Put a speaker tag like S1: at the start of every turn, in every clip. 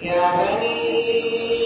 S1: Yeah, baby.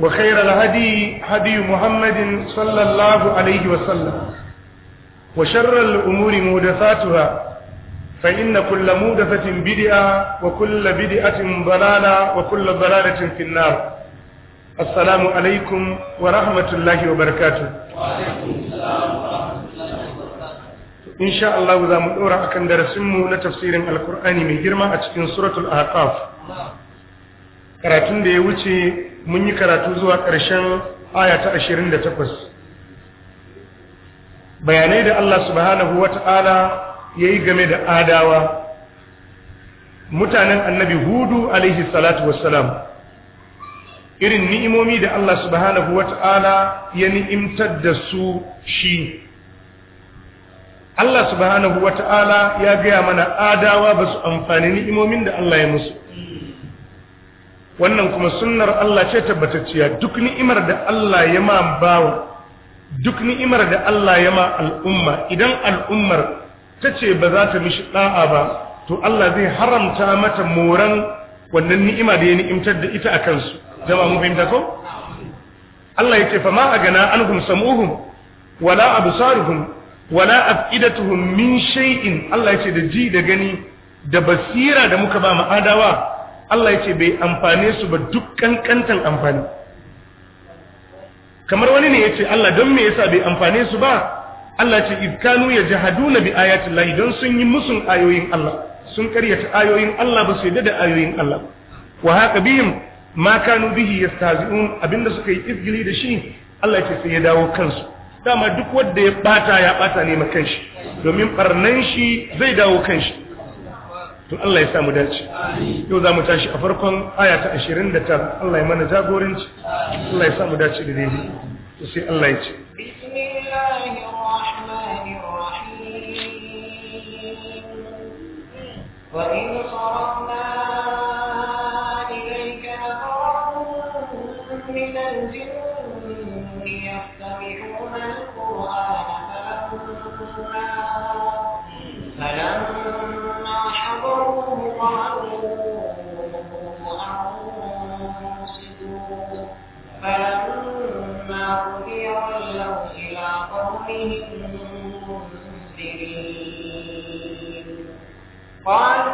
S2: وخير الهدي هدي محمد صلى الله عليه وسلم وشر الأمور مهدفاتها فإن كل مهدفة بدعة وكل بدعة ضلالة وكل ضلالة في النار السلام عليكم ورحمة الله وبركاته وعليكم السلام ورحمة الله وبركاته إن شاء الله ذا مدورة أكن درسمه لتفسير القرآن من جرمة أتكين سورة الأعقاف karatun da ya wuce mun yi karatu zuwa ƙarshen aya ta 28 bayanai da Allah subhanahu wata'ala yayi game da adawa mutanen annabi hudu alaihi salatu wassalam irin ni'imomi da Allah subhanahu wata'ala ya ni'imtar da su shi Allah subhanahu wata'ala ya gaya mana adawa ba su amfani ni'imomin da Allah ya musu wannan kuma sunnar Allah ce tabbatacciya duk ni'imar da Allah ya ma bawa duk ni'imar da Allah ya ma al'umma idan al'ummar ta ce ba za ta mishi da'a ba to Allah zai haramta mata moran wannan ni'ima da ya ni'imtar da ita a kansu jama mu fahimta ko Allah yake fa ma agana anhum samuhum wala absaruhum wala afidatuhum min shay'in Allah yace da ji da gani da basira da muka ba mu adawa Allah ya ce bai amfane su ba duk kankantan amfani kamar wani ne ya ce Allah don me yasa bai amfane su ba Allah ce ibkanu ya na bi ayatun lahi don sun yi musu ayoyin Allah sun karyata ayoyin Allah ba su yi da ayoyin Allah wa haka bihim ma kanu bihi ya yastahzi'un abinda suka yi izgili da shi Allah ce sai ya dawo kansu dama duk wanda ya bata ya bata ne ma kanshi domin ɓarnan shi zai dawo kanshi to Allah ya samu dace yau za mu tashi a farkon aya ta 29 Allah ya mana jagoranci Allah ya samu dace da daidai to sai Allah ya ce
S1: in sarana نظيرا له إلى قومهم منذرين قال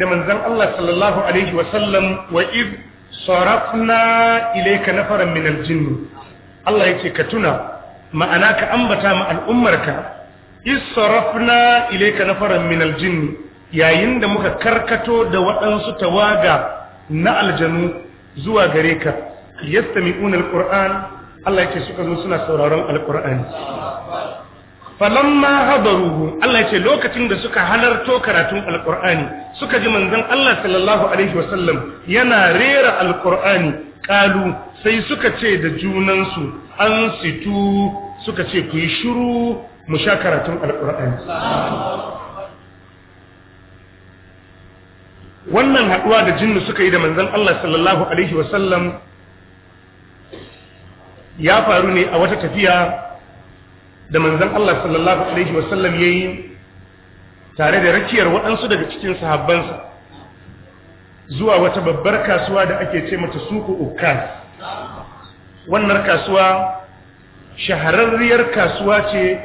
S1: da manzon Allah
S2: sallallahu alaihi wa sallam wa id sarafna ilayka nafaran min aljinn Allah yace ka tuna ma'ana ka ambata ma al'ummarka is sarafna ilayka nafaran min aljinn yayin da muka karkato da waɗansu tawaga na aljanu zuwa gare ka yastami'una alquran Allah yake suka zo suna sauraron alqur'ani falamma hadaruhu Allah yace lokacin da suka halarto karatun alqur'ani suka ji manzon Allah sallallahu alaihi wasallam yana rera alqur'ani ƙalu, sai suka ce da junansu an situ suka ce ku yi shiru mu sha karatun alqur'ani wannan haduwa da jinnu suka yi da manzon Allah sallallahu alaihi wasallam ya faru ne a wata tafiya da manzon Allah sallallahu alaihi wasallam yayi tare da rakiyar waɗansu daga cikin sahabbansa zuwa wata babbar kasuwa da ake ce mata suku uka, wannan kasuwa shahararriyar kasuwa ce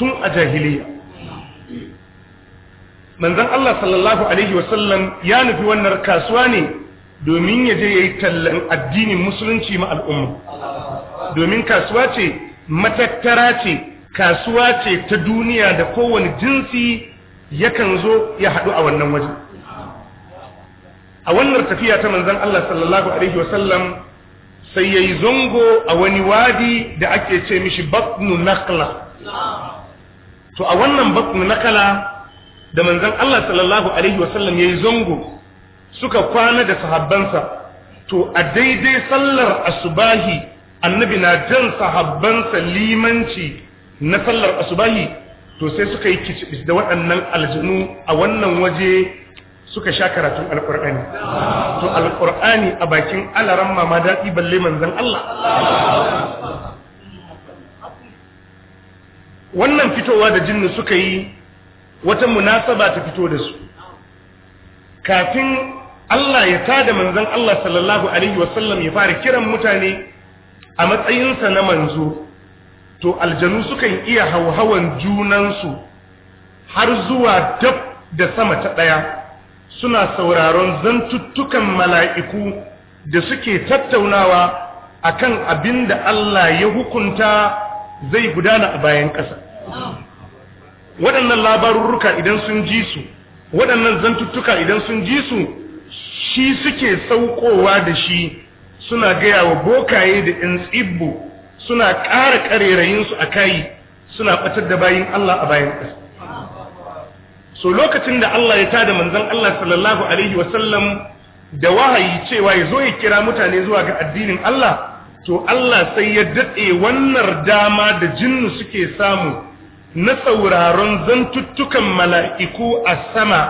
S2: tun a jahiliya manzon Allah sallallahu alaihi wasallam ya nufi wannan kasuwa ne domin ya je yayi tallan addinin musulunci ma al'umma domin kasuwa ce matattara ce kasuwa ce ta duniya da kowane jinsi yakan zo ya haɗu a wannan waje a wannan tafiya ta manzan Allah sallallahu alaihi wasallam sai yayi zango a wani wadi da ake ce mishi batnu nakla to a wannan batnu nakla da manzan Allah sallallahu alaihi wasallam yayi zango suka kwana da sahabbansa to a daidai sallar asubahi annabi na jan sahabbansa limanci na sallar asubahi to sai suka yi kicibis da waɗannan aljinu a wannan waje suka sha karatun Alƙur'ani. to Alƙur'ani a bakin alaran mama daɗi balle manzan Allah wannan fitowa da jinnu suka yi wata munasaba ta fito da su kafin Allah ya tada manzan Allah sallallahu alaihi wasallam ya fara kiran mutane a matsayinsa na manzo to aljanu sukan iya hauhawan junansu har zuwa dab da sama ta ɗaya suna sauraron zantuttukan mala'iku da suke tattaunawa akan abin da Allah ya hukunta zai gudana a bayan ƙasa waɗannan labarurruka idan sun ji su waɗannan zantuttuka idan sun ji su shi suke saukowa da shi suna gaya wa bokaye da 'yan tsibbo suna ƙara ƙarerayinsu a kayi suna ɓatar da bayin Allah a bayan ƙasa so lokacin da Allah ya tada manzan Allah sallallahu alaihi wasallam da wahayi cewa ya zo ya kira mutane zuwa ga addinin Allah to Allah sai ya daɗe wannan dama da jinnu suke samu na sauraron zantuttukan mala'iku a sama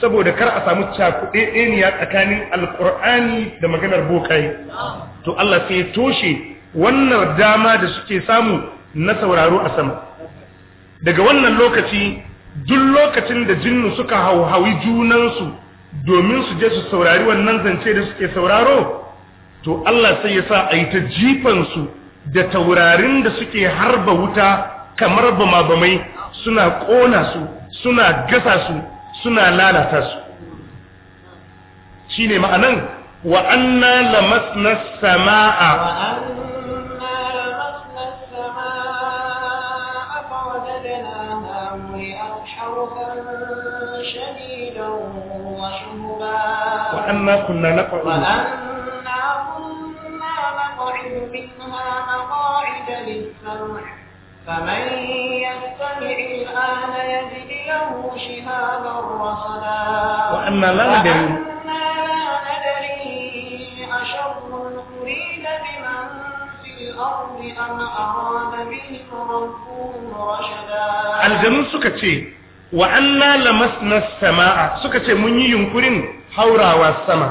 S2: saboda kar a samu cakuɗe ɗeniya tsakanin alƙur'ani da maganar bokai to Allah sai ya toshe wannan dama da suke samu na sauraro a sama daga wannan lokaci duk lokacin da jinnu suka hauhawi junansu domin su je su saurari wannan zance da suke sauraro to Allah sai ya sa a yi ta jifansu da taurarin da suke harba wuta kamar bama-bamai suna ƙona su suna gasa su suna lalata su shi ne ma'anan wa'anna na sama'a
S1: مددنا نعم شديدا وشهبا وأنا كنا نقعد وأنا كنا نقعد منها مقاعد للسمع فمن يستمع الآن يجد له شهابا رصدا وأما لا ندري aljanu
S2: suka ce wa anna lamasna samaa suka ce mun yi yunkurin haurawa sama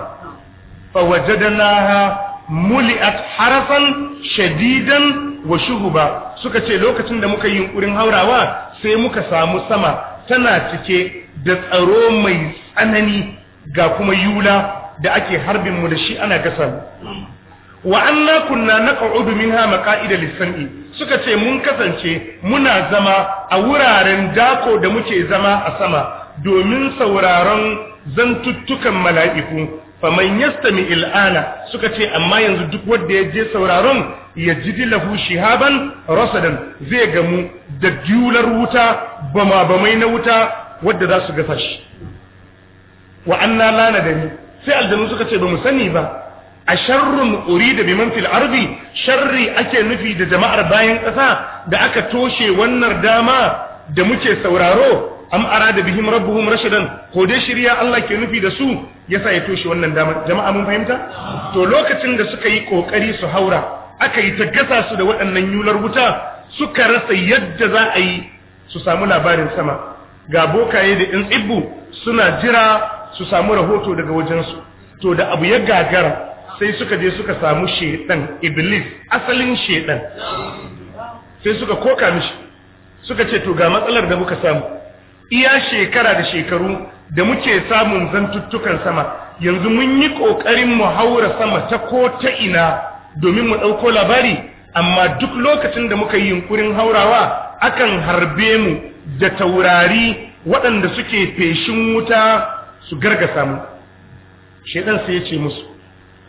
S2: fa wajadnaha muli'at harasan shadidan wa shuhuba suka ce lokacin da muka yi yunkurin haurawa sai muka samu sama tana cike da tsaro mai tsanani ga kuma yula da ake harbin mu da shi ana gasa wa anna kunna naq'udu minha maqa'ida lis-sam'i suka ce mun kasance muna zama a wuraren dako da muke zama a sama domin sauraron zantuttukan mala'iku faman yastami il'ana suka ce amma yanzu duk wanda ya je sauraron ya jidi lahu shihaban rasadan zai gamu da dular wuta bama bamai na wuta wadda za su gasa shi wa anna lana da ni sai aljanu suka ce ba mu sani ba a sharrun urida biman fil ardi sharri ake nufi da jama'ar bayan ƙasa da aka toshe wannan dama da muke sauraro am arada bihim rabbuhum rashadan ko dai shirya Allah ke nufi da su yasa ya toshe wannan dama jama'a mun fahimta to lokacin da suka yi kokari su haura aka yi ta gasa su da waɗannan yular wuta suka rasa yadda za a yi su samu labarin sama ga bokaye da in tsibbu suna jira su samu rahoto daga wajensu to da abu ya gagara sai suka je suka samu shedan iblis asalin shedan sai suka koka mishi suka ce to ga matsalar da muka samu iya shekara da shekaru da muke samun zantuttukan sama yanzu mun yi kokarin mu haura sama ta ko ta ina domin mu ɗauko labari amma duk lokacin da muka yi yunkurin haurawa akan harbe mu da taurari waɗanda suke feshin wuta su gargasa mu shedan sai ya ce musu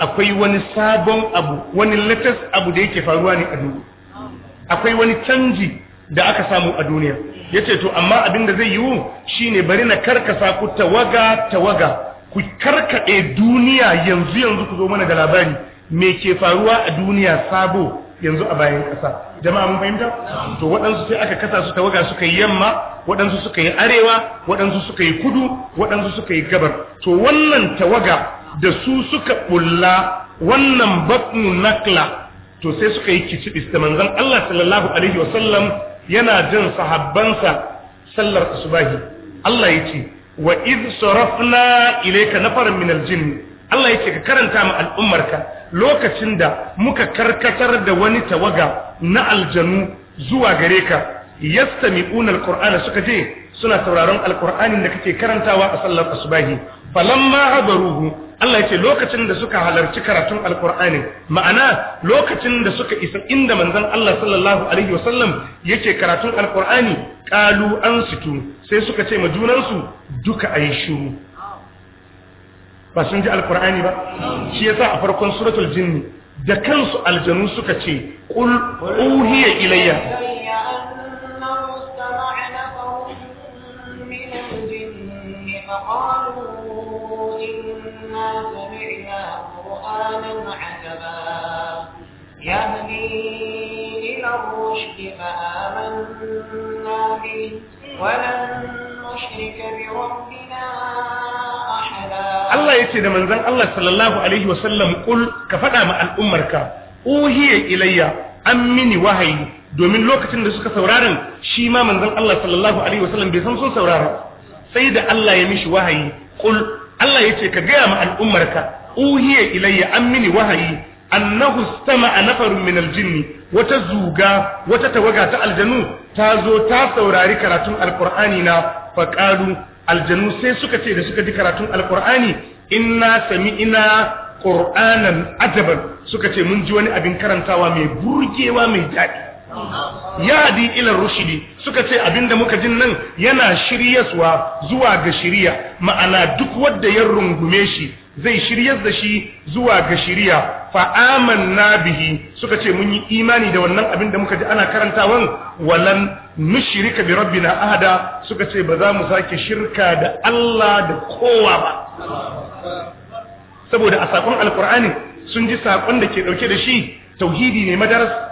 S2: akwai wani sabon abu wani latas abu da yake faruwa ne a duniya akwai wani canji da aka samu a duniya yace to amma abin da zai yiwu shine bari na karkasa ku tawaga tawaga ku karkade duniya yanzu yanzu ku zo mana da labari me ke faruwa a duniya sabo yanzu a bayan kasa jama'a mun fahimta to waɗansu sai aka kasa su tawaga suka yi yamma waɗansu suka yi arewa waɗansu suka yi kudu waɗansu suka yi gabar to wannan tawaga da su suka bulla wannan batnu nakla to sai suka yi kicibis da manzon Allah sallallahu alaihi wasallam yana jin sahabbansa sallar asubahi Allah yace wa id sarafna ilayka nafaran min Allah yace ka karanta ma al'ummarka lokacin da muka karkatar da wani tawaga na aljanu zuwa gare ka yastami'una alqur'ana suka je suna sauraron alqur'anin da kake karantawa a sallar asubahi falamma hadaruhu Allah yace lokacin da suka halarci karatun alqur'ani ma'ana lokacin da suka isa inda manzon Allah sallallahu alaihi wasallam yake karatun alqur'ani qalu ansitu sai suka ce majunan su duka ayi shiru ba sun ji alqur'ani ba shi yasa a farkon suratul jinni da kansu aljanu suka ce qul uhiya ilayya
S1: إنا سمعنا قرآنا عجبا يهدي إلى الرشد فآمنا به ولن نشرك بربنا أحدا الله يسيد
S2: من ذن الله صلى الله عليه وسلم قل كفدا مع كا أوهي إلي أمني وهي domin lokacin da suka sauraron shi ma manzon Allah sallallahu alaihi wasallam bai san sun saurara sai da Allah ya mishi wahayi qul Allah ya ce ka gaya ma al'ummarka uhiya ilayya an mini wahayi annahu a nafarun min aljinn wata zuga wata tawaga ta aljanu ta zo ta saurari karatun alkur'ani na faqalu aljanu sai suka ce da suka ji karatun alqur'ani inna ina qur'anan ajaban suka ce mun ji wani abin karantawa mai burgewa mai daɗi yadi ilan rushidi suka ce abinda muka jin nan yana shiryaswa zuwa ga shiriya ma'ana duk wanda ya rungume shi zai shiryar da shi zuwa ga shiriya fa amanna bihi suka ce mun yi imani da wannan abinda muka ji ana karantawan walan nushrika bi rabbina ahada suka ce ba za mu sake shirka da Allah da kowa ba saboda a sakon alqur'ani sun ji sakon da ke dauke da shi tauhidi ne madarasa.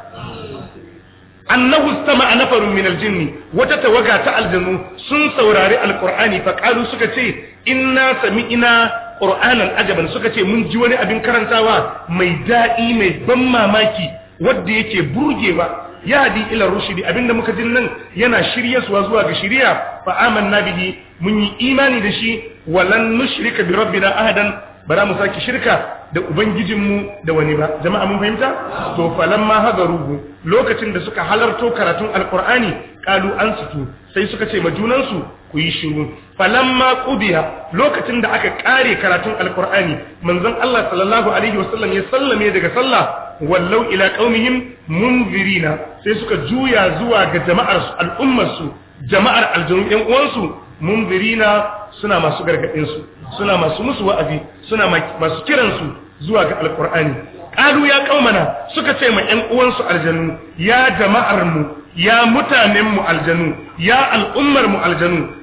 S2: annahu istama'a nafarun min aljinni wata tawaga ta aljannu sun saurari alqur'ani fa qalu suka ce inna sami'na qur'anan ajaban suka ce mun ji wani abin karantawa mai daɗi mai ban mamaki wanda yake burgewa ya hadi ila rushidi abinda muka jin nan yana suwa zuwa ga shiriya fa amanna bihi mun yi imani da shi walan nushrika bi rabbina ahadan ba za mu saki shirka da ubangijinmu da wani ba jama'a mun fahimta to falamma hadaruhu lokacin da suka halarto karatun alqur'ani qalu ansitu sai suka ce ma junansu ku yi shiru falamma qudiya lokacin da aka kare karatun alqur'ani manzon Allah sallallahu alaihi wasallam ya sallame daga sallah wallau ila qaumihim munzirina sai suka juya zuwa ga jama'ar al'ummar su jama'ar aljanu yan uwansu munzirina suna masu gargadin su suna masu musu wa'azi suna masu kiransu zuwa ga alkur'ani ƙalu ya qaumana suka ce ma 'yan uwansu aljanu ya jama'ar mu ya mutanen mu aljanu ya al'ummar mu aljanu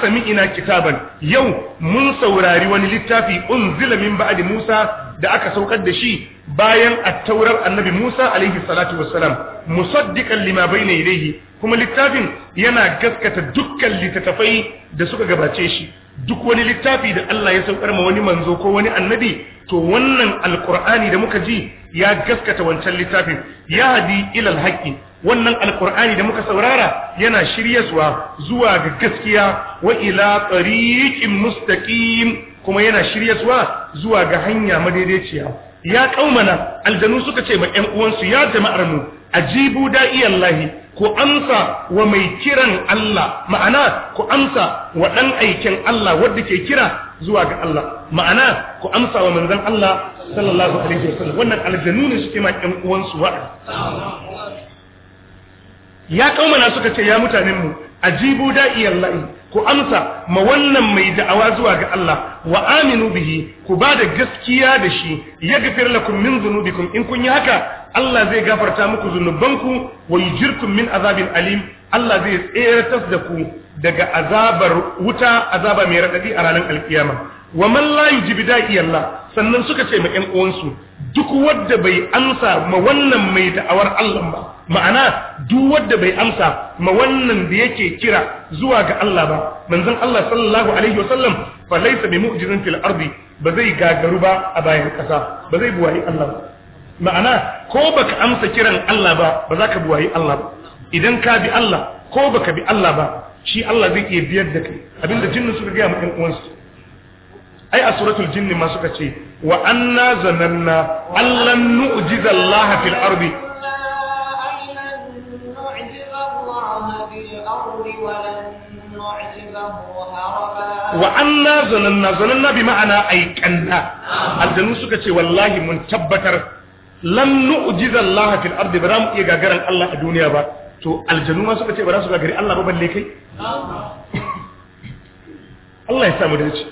S2: sami ina kitaban yau mun saurari wani littafi unzila min ba'di Musa da aka saukar da shi bayan a taurar annabi Musa alaihi salatu wassalam musaddiqan lima bayna yadayhi kuma littafin yana gaskata dukkan littattafai da suka gabace shi duk wani littafi da Allah ya saukar ma wani manzo ko wani annabi to wannan alqur'ani da muka ji ya gaskata wancan littafin ya hadi ila alhaqi wannan alqur'ani da muka saurara yana shiryaswa zuwa ga gaskiya wa ila tariqin mustaqim kuma yana shiryaswa zuwa ga hanya madaidaiciya ya kaumana aljanu suka ce ma ƴan uwansu ya jama'ar mu ajibu da'iyallahi ku amsa wa mai kiran Allah ma'ana ku amsa wa dan aikin Allah wanda ke kira zuwa ga Allah ma'ana ku amsa wa manzon Allah sallallahu alaihi wasallam wannan aljannu ne suke ma ƴan uwansu wa'a ya kauma na suka ce ya mutanen mu ajibu Allah ku amsa ma wannan mai da'awa zuwa ga Allah wa aminu bihi ku ba da gaskiya da shi ya lakum min dhunubikum in kun yi haka Allah zai gafarta muku zunubanku wa yujirkum min azabin alim Allah zai tseratas da ku daga azabar wuta azaba mai radadi a ranar alkiyama wa man la yujibi da'i Allah sannan suka ce ma ƴan uwansu duk wanda bai amsa ma wannan mai da'awar Allah ba ma'ana duk wanda bai amsa ma wannan da yake kira zuwa ga Allah ba manzon Allah sallallahu alaihi wasallam fa laysa bi mu'jizin fil ardi ba zai gagaru ba a bayan kasa ba zai buwayi Allah ba ma'ana ko baka amsa kiran Allah ba ba za ka buwayi Allah ba idan ka bi Allah ko baka bi Allah ba shi Allah zai iya biyar da kai abinda jinnin suka gaya mutum uwansu ai a suratul jinni ma suka ce wa anna zananna allan nu'jiza Allah fil ardi وَأَنَّا zananna zananna bi ma'ana aikanna aljanu suka ce wallahi mun tabbatar lan nu'jiza Allah fil ardi ba za mu iya gagaran Allah a duniya ba to aljanu ma suka ce ba za su gagari Allah ba balle kai Allah ya samu da dace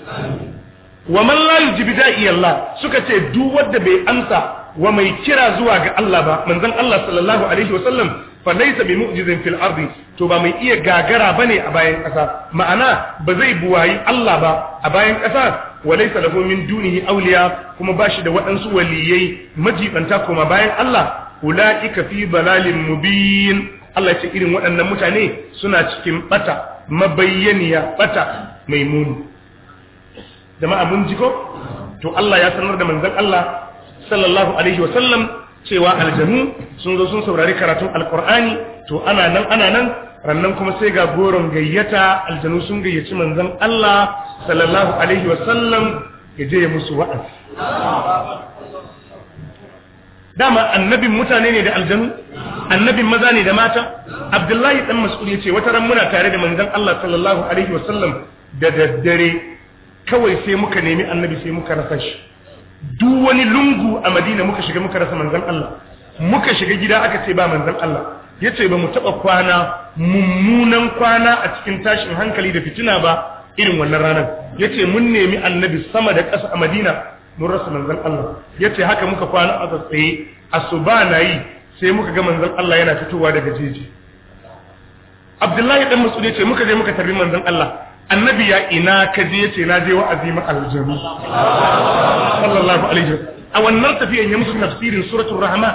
S2: wa man la yujibu da'i Allah suka ce duk wanda bai amsa wa mai kira zuwa ga Allah ba manzon Allah sallallahu alaihi wasallam fa laysa bi mu'jizin fil ardi to ba mai iya gagara bane a bayan kasa ma'ana ba zai buwayi Allah ba a bayan kasa walaysa lahu min dunihi awliya kuma shi da waɗansu waliyai majibanta kuma bayan Allah ulaika fi balalin mubin Allah ya ce irin waɗannan mutane suna cikin bata mabayyaniya bata mai muni jama'a mun ji ko to Allah ya sanar da manzon Allah sallallahu alaihi wa sallam cewa aljanu sun zo sun saurari karatun alqur'ani to ana nan ana nan rannan kuma sai ga goron gayyata aljanu sun gayyaci manzon Allah sallallahu alaihi wasallam ya je ya musu wa'azi dama annabin mutane ne da aljanu annabin maza ne da mata abdullahi dan mas'ud yace wata ran muna tare da manzon Allah sallallahu alaihi wasallam da daddare kawai sai muka nemi annabi sai muka rasa shi duk wani lungu a Madina muka shiga muka rasa manzon Allah muka shiga gida aka ce ba manzon Allah yace ba mu taba kwana mummunan kwana a cikin tashin hankali da fitina ba irin wannan ranar yace mun nemi annabi sama da ƙasa a Madina mun rasa manzon Allah yace haka muka kwana a tsaye asuba nayi sai muka ga manzon Allah yana fitowa daga jeji Abdullahi dan Mas'ud yace muka je muka tarbi manzon Allah annabi ya ina ka je yace na je wa'azi ma aljanna sallallahu alaihi wasallam a wannan tafiyan ya musu tafsirin suratul rahman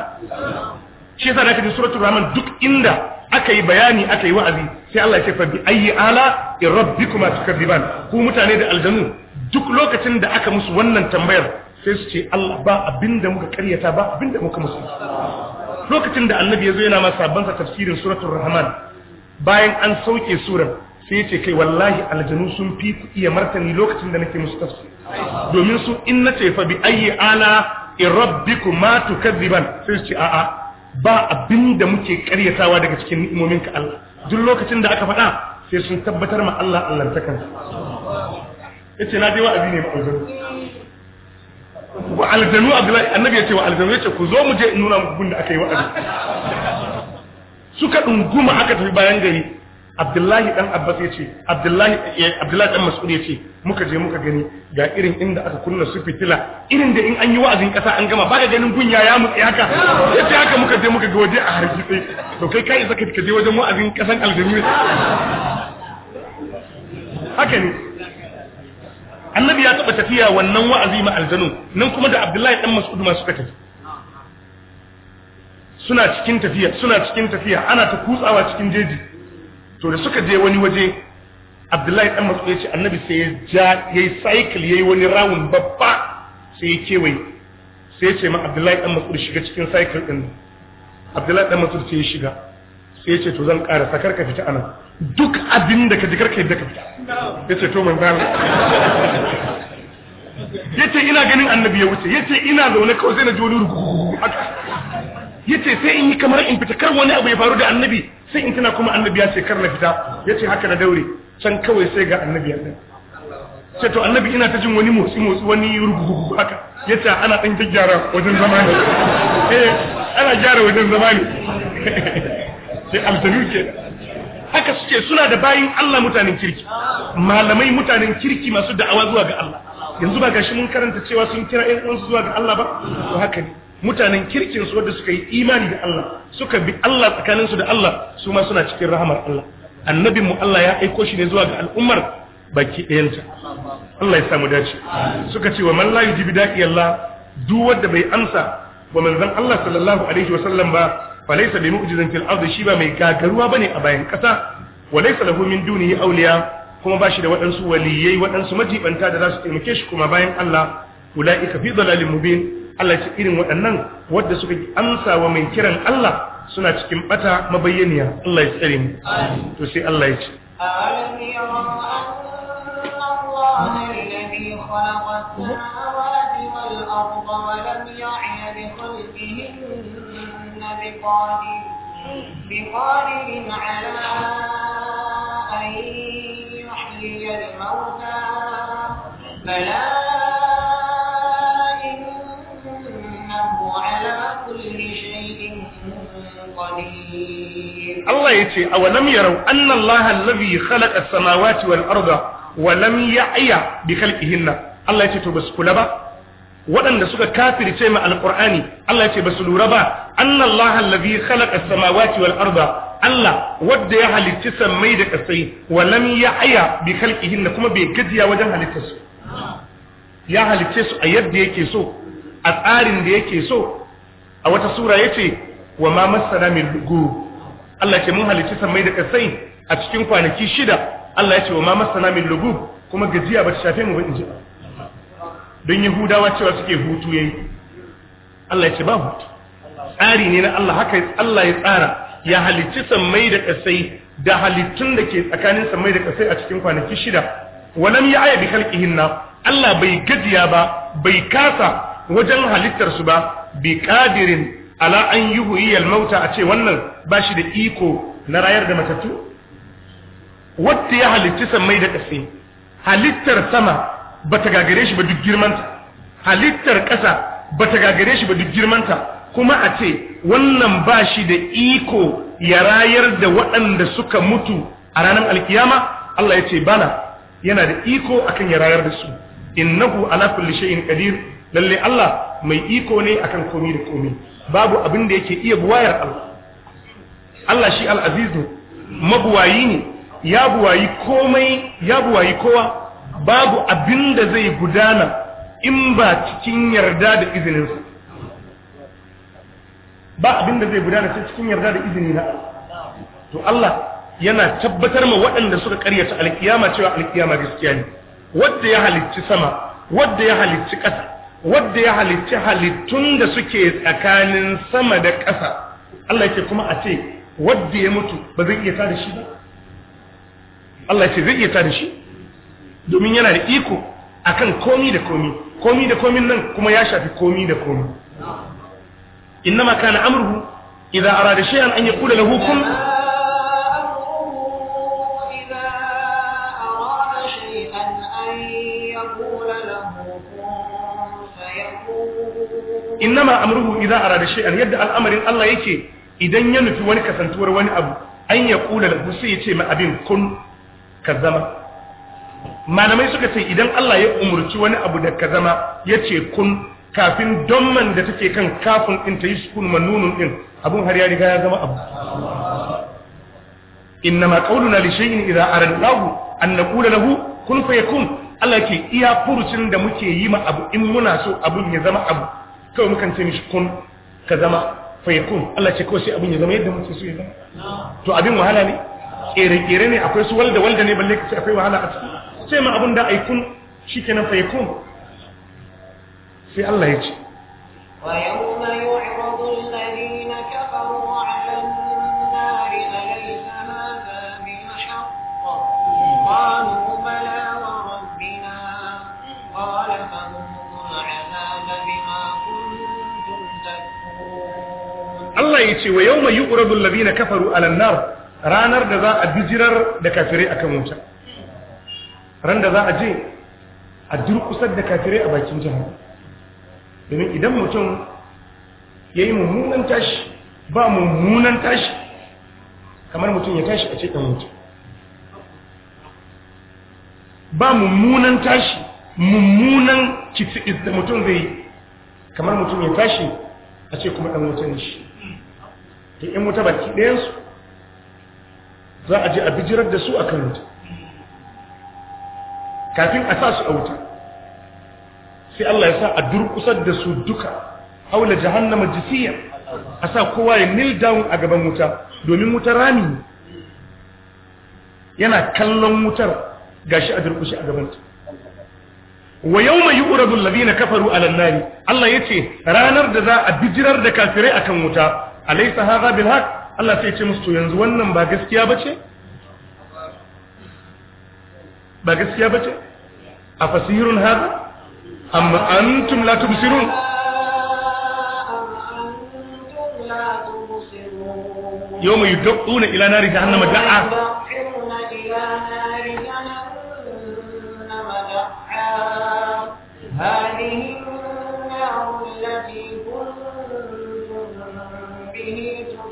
S2: shi yasa da kaje suratul rahman duk inda aka yi bayani aka yi wa'azi sai Allah ya ce fa bi ayyi ala rabbikuma tukadziban ku mutane da aljanu duk lokacin da aka musu wannan tambayar sai su ce Allah ba abinda muka karyata ba abinda muka musu lokacin da annabi ya zo yana masa sabban sa tafsirin suratul rahman bayan an sauke surar sai ya ce kai wallahi aljanu sun fi ku iya martani lokacin da nake musu tafsir domin su in nace fa bi ayyi ala rabbikuma tukadziban sai su ce a'a ba abin da muke ƙaryatawa daga cikin ka Allah duk lokacin da aka faɗa sai sun tabbatar ma Allah Allah ta kansa yace na dai wa'azi ne ba ozo wa aljanu Abdullahi annabi yace wa aljanu yace ku zo mu je nuna muku gunda aka yi wa'azi suka dunguma aka tafi bayan gari abdullahi dan abbas ya ce abdullahi eh, abdullahi dan mas'ud ya ce muka je muka gani ga irin inda aka kunna su fitila irin da in an yi wa'azin kasa an gama baka ganin gunya ya mutsi haka yace haka muka je muka ga waje a hargitse to kai kai zaka ka je wajen wa'azin kasan aljami haka ne annabi ya taba tafiya wannan wa'azi ma aljanu nan kuma da abdullahi dan mas'ud ma suka tafi suna cikin tafiya suna cikin tafiya ana ta kutsawa cikin jeji to da suka je wani waje abdullahi dan masu ya ce annabi sai ya ja ya yi cycle ya yi wani rawun babba sai ya kewaye sai ya ce ma abdullahi dan masu shiga cikin cycle din abdullahi dan masu sai ya shiga sai ya ce to zan ƙara sakar ka fita anan duk abin da ka ji karka yadda ka fita
S3: ya ce to man zala
S2: ya ce ina ganin annabi ya wuce ya ce ina zaune kawai sai na ji wani rukuku haka ya ce sai in yi kamar in fita kar wani abu ya faru da annabi sai in tana kuma annabi ya ce kar na fita ya ce haka da daure can kawai sai ga annabi ya ɗan ce to annabi ina ta jin wani motsi motsi wani rugugugu haka ya ce ana ɗan gyara wajen zama ne eh ana gyara wajen zama ne sai aljanu ke haka suke suna da bayin Allah mutanen kirki malamai mutanen kirki masu da'awa zuwa ga Allah yanzu ba gashi mun karanta cewa sun kira ƴan uwansu zuwa ga Allah ba to haka ne mutanen kirkin su wanda suka yi imani da Allah suka bi Allah tsakanin su da Allah su ma suna cikin rahamar Allah annabin mu Allah ya aiko shi ne zuwa ga al'ummar baki ɗayanta Allah ya samu dace suka ce wa man la yujibi da'i Allah duk wanda bai amsa wa manzon Allah sallallahu alaihi wa sallam ba falaysa bi mu'jizin fil ardi shi ba mai gagaruwa bane a bayan kasa wa laysa lahu min dunihi awliya kuma bashi da waɗansu waliyai waɗansu majibanta da za su taimake shi kuma bayan Allah ulaika fi dhalalin mubin Allah ce irin waɗannan wadda suka amsa wa mai kiran Allah suna cikin bata mabayyaniya Allah ya tsare mu to sai Allah ya ce
S1: بقادر على أن يحيي الموتى بلى Allah ya ce a annan قدير الله يتي أولم يروا
S2: أن ya الذي bi السماوات والأرض ولم يعي بخلقهن الله يتي kula ba waɗanda suka kafirce ma alƙur'ani Allah ya ce ba su lura ba annan annallaha allazi khalaqa samawati wal arda Allah wadda ya halicci sammai da ƙasai wa ya ya'ya bi khalqihinna kuma bai gajiya wajen halittar su ya halitta su a yadda yake so a tsarin da yake so a wata sura ya ce. wa ma masana min lugu Allah ce mun halicci sammai da kasai a cikin kwanaki shida Allah ya ce wa ma masana min lugu kuma gajiya ba ta shafe mu ba in ji
S3: ba
S2: don yahudawa cewa suke hutu yayi Allah ya ce ba hutu tsari ne na Allah haka Allah ya tsara ya halicci sammai da kasai da halittun da ke tsakanin sammai da kasai a cikin kwanaki shida walam ya aya bi khalqihinna Allah bai gajiya ba bai kasa wajen halittar su ba bi qadirin ala an yi al mauta a ce wannan ba shi da iko na rayar da matattu wanda ya halitta samai da ƙasa halittar sama bata gagare shi ba duk girmanta halittar ƙasa bata gagare shi ba duk girmanta kuma a ce wannan ba shi da iko ya rayar da waɗanda suka mutu a ranar alkiyama Allah ya ce bana yana da iko akan ya rayar da su innahu ala kulli shay'in qadir lalle Allah mai iko ne akan komai da komai babu abin da yake iya buwayar Allah Allah shi al-aziz ne mabuwayi ne ya buwayi komai ya buwayi kowa babu abin da zai gudana in ba cikin yarda da izininsa ba abin da zai gudana cikin yarda da izini na to Allah yana tabbatar ma waɗanda suka karyata alƙiyama cewa alƙiyama gaskiya ne wanda ya halicci sama wanda ya halicci ƙasa wadda ya halicci halittun da suke tsakanin sama da ƙasa Allah yake kuma a ce wadda ya mutu ba zai iya tada shi ba Allah ce zai iya tada shi domin yana da iko akan komi da komi komi da komin nan kuma ya shafi komi da komi innama kana amruhu idza arada shay'an an yaqula lahu kun
S3: innama amruhu
S2: idza arada shay'an yadda al'amarin Allah yake idan ya nufi wani kasantuwar wani abu an ya kula lahu sai ya ce ma abin kun kazama malamai suka ce idan Allah ya umurci wani abu da kazama ya ce kun kafin domman da take kan kafin din ta yi sukun manunun din abun har ya riga ya zama abu innama qauluna li shay'in idza aradnahu an naqula lahu kun fayakun Allah ke iya furucin da muke yi ma abu in muna so abun ya zama abu kawai mukan ce mishi kun ka zama fayakun Allah ce kawai sai abin ya zama yadda mutum su ya zama to abin wahala ne kere-kere ne akwai su walda walda ne balle kace akwai wahala a ciki sai ma abin da aikun shikenan fayakun sai Allah ya ce
S1: wa yawma yu'radu alladhina kafaru 'ala an-nari alaysa hadha bil haqq qalu bala wa
S2: Allah ya ce wa yau mai yawma yu'radu alladhina kafaru ala nar ranar da za a bijirar da kafirai kan wuta ran da za a je a durkusar da kafirai a bakin jahannam domin idan mutum ya yi mummunan tashi ba mummunan tashi kamar mutum ya tashi a cikin wuta ba mummunan tashi mummunan kitsi da mutum zai yi kamar mutum ya tashi a ce kuma ɗan wutan shi ta in wuta baki ɗayansu za a je a bijirar da su a kan wuta kafin a sa su a wuta sai Allah ya sa a durkusar da su duka haula jahannama jisiya a sa kowa ya kneel down a gaban wuta domin wutar rami yana kallon wutar gashi a durkushi a gabanta wa yau yawma yu'radu alladhina kafaru 'ala an-nari Allah ce ranar da za a bijirar da kafirai akan wuta alaisa hadha bil haqq Allah sai ya ce musu yanzu wannan ba gaskiya bace ba gaskiya bace a fasirun amma antum la tubsirun yawma yud'una ila nari jahannama da'a
S1: هذه النار التي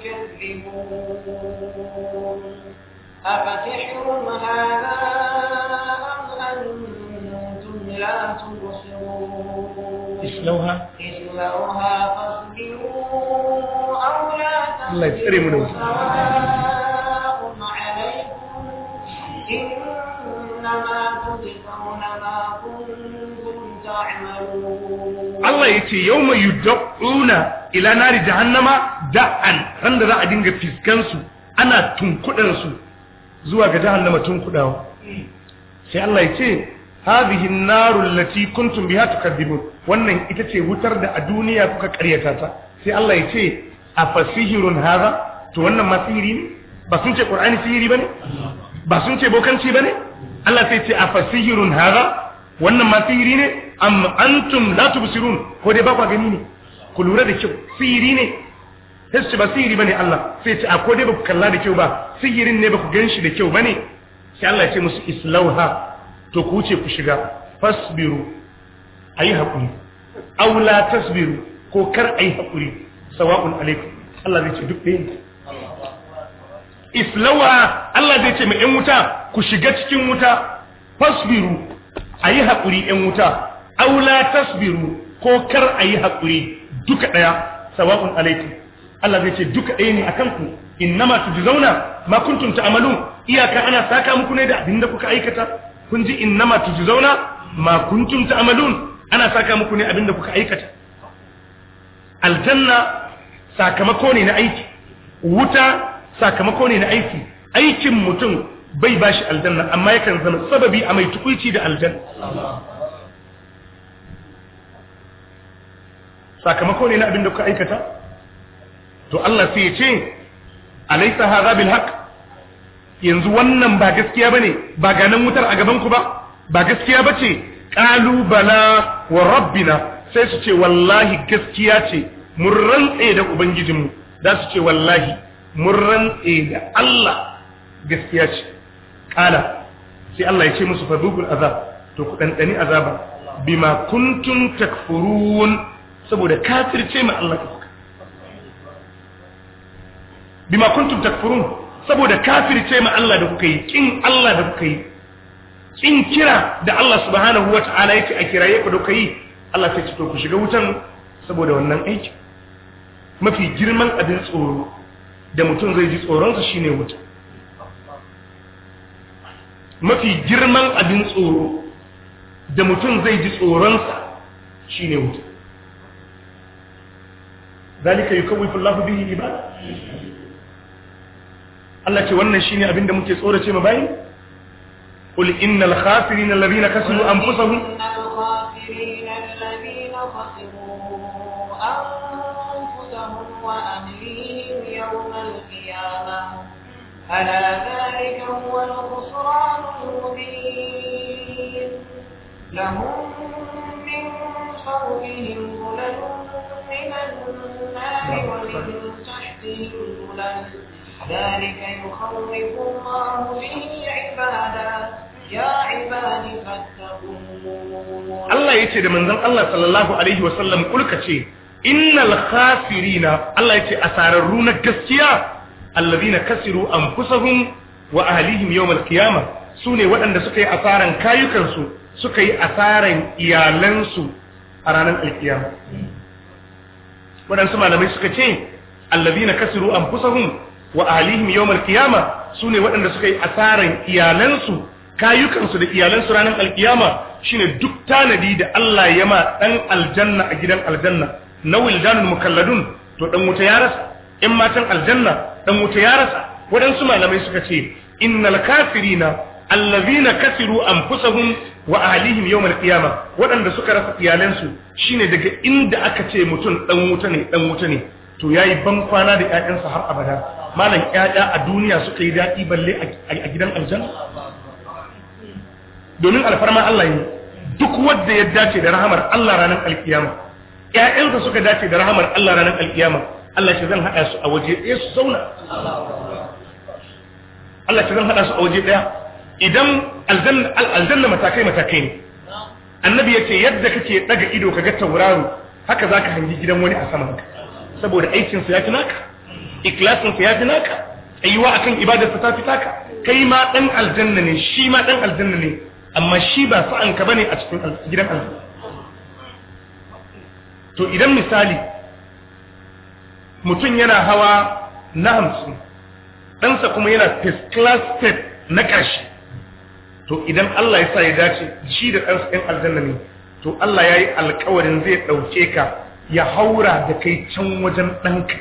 S1: تكذبون أفسحر هذا أم أنتم لا تبصرون اسلوها اسلوها فاصبروا أو لا تصبروا الله يسلمنا سواء عليكم Allah ya
S2: ce yau mai yudda'una ila nari jahannama da'an randa za a dinga fiskansu ana tunkudansu zuwa ga jahannama tunkudawa sai Allah ya ce hadhihi narun lati kuntun biya ta tukadzibun wannan ita ce wutar da a duniya kuka karyata ta sai Allah ya ce a fasihirun haza to wannan ma sihiri ne ba sun ce qur'ani sihiri ba ne? ba sun ce bokanci ba ne? Allah sai ce a fasihirun haza wannan ma sihiri ne am antum la tubsirun ko dai ba ku gani ne ku lura da kyau sihiri ne sai ce ba sihiri bane Allah sai ce ko dai ba ku kalla da kyau ba sihirin ne ba ku ganshi da kyau bane sai Allah ya ce musu islauha to ku ce ku shiga fasbiru ayi hakuri aw la tasbiru ko kar ayi hakuri sawa'un alaikum Allah zai ce duk ɗayan islawa Allah zai ce mai yan wuta ku shiga cikin wuta fasbiru a yi haƙuri yan wuta aula tasbiru ko kar a yi haƙuri duka ɗaya, sawa'un alaiki. Allah zai ce duka ɗaya ne a kanku, akan masu ji zauna, ma ta amalu, iyaka ana saka muku ne da abin da kuka aikata kun ji ji zauna, ma ta amalu, ana saka muku ne da kuka aikata aljanna sakamako ne na aiki wuta sakamako ne na aiki aikin mutum bai bashi aljanna amma yakan zama sababi a mai tukuici da aljanna sakamako ne na abin da kuka aikata to Allah sai ya ce alaysa hadha bil haqq yanzu wannan ba gaskiya bane ba ganin wutar a gaban ku ba ba gaskiya bace qalu bala wa rabbina sai su ce wallahi gaskiya ce mun rantse da ubangijinmu da su ce wallahi Murran rantse da Allah gaskiya ce kala sai Allah ya ce musu fadugul azab to ku dandani azaba bima kuntum takfurun saboda kafirce ma Allah kuka bima kuntum takfurun saboda kafirce ma Allah da kuka yi kin Allah da kuka yi kin kira da Allah subhanahu wataala yake a kiraye ku da kuka yi Allah sai ce to ku shiga wutan saboda wannan aiki mafi girman abin tsoro da mutum zai ji tsoronsa shi ne wuta mafi girman abin tsoro da mutum zai ji tsoronsa shi ne wuta zalika yukawwifu Allahu bihi ba? Allah ce wannan shi ne abin da muke tsorace mu bayin qul innal khafirina alladhina kasabu anfusahum
S1: الخاسرين الذين خسروا أنفسهم وأهلهم ألا ذلك هو الخسران المبين لهم من فوقهم ظلل من النار نعم، ومن تحتهم ظلل ذلك يخوف الله به عباده يا عباد فاتقون الله يتي من
S2: ذن الله صلى الله عليه وسلم قل كتي إن الخافرين الله يتي asararru na gaskiya allazina kasiru anfusahum wa ahlihim yawm alqiyamah sune waɗanda suka yi asaran kayukansu suka yi asaran iyalansu a ranar alkiyama waɗansu malamai suka ce allazina kasiru anfusahum wa ahlihim yawm alqiyamah sune waɗanda suka yi asaran iyalansu kayukansu da iyalansu ranar alkiyama shine duk tanadi da Allah ya ma dan aljanna a gidan aljanna na wildanul mukalladun to dan wuta ya rasa in matan aljanna dan wuta ya rasa waɗansu malamai suka ce innal kafirina allazina kasiru anfusahum wa ahlihim yawm alqiyama waɗanda suka rasa iyalansu shine daga inda aka ce mutum dan wuta ne dan wuta ne to yayi ban kwana da ƴaƴansa har abada malam ƴaƴa a duniya suka yi daɗi balle a gidan aljanna domin alfarma Allah ne duk wanda ya dace da rahamar Allah ranar alkiyama ƴaƴansa suka dace da rahamar Allah ranar alkiyama Allah shi zan haɗa su a waje ɗaya su zauna Allah shi zan haɗa su a waje ɗaya idan aljanna matakai matakai ne annabi ya ce yadda kake ɗaga ido ka ga tauraro haka za ka hangi gidan wani a saman ka saboda aikinsa ya fi naka ikilasinsa ya fi naka tsayuwa kan ibadarsa ta fi taka kai ma ɗan aljanna ne shi ma ɗan aljanna ne amma shi ba sa'anka bane a cikin gidan aljanna to idan misali mutum yana hawa na hamsin ɗansa kuma yana first class step na ƙarshe to idan Allah ya sa ya dace shi da ɗansa ɗin aljanna to Allah ya yi alkawarin zai ɗauke ka ya haura da kai can wajen ɗanka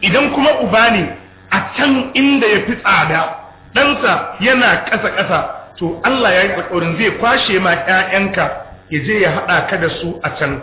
S2: idan kuma uba ne a can inda ya fi tsada ɗansa yana ƙasa-ƙasa to Allah ya yi alkawarin zai kwashe ma ‘ya'yanka ya je ya haɗa ka da su a can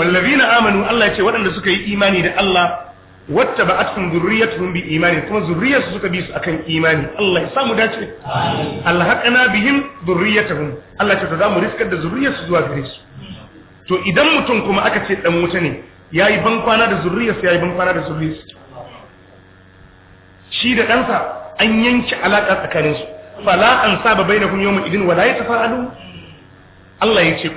S2: wallazina amanu Allah ya ce waɗanda suka yi imani da Allah wata ba atun zurriyatuhum bi imani kuma zurriyarsu suka bi akan imani Allah ya samu dace alhaqana bihim zurriyatuhum Allah ya ce to za mu riskar da zurriyarsu zuwa gare su to idan mutum kuma aka ce dan wuta ne yayi ban kwana da zurriyarsa yayi ban kwana da zurriyarsa shi da ɗansa an yanke alaka tsakanin su fala an saba bainakum yawmin idin wala yatafa'alu Allah ya ce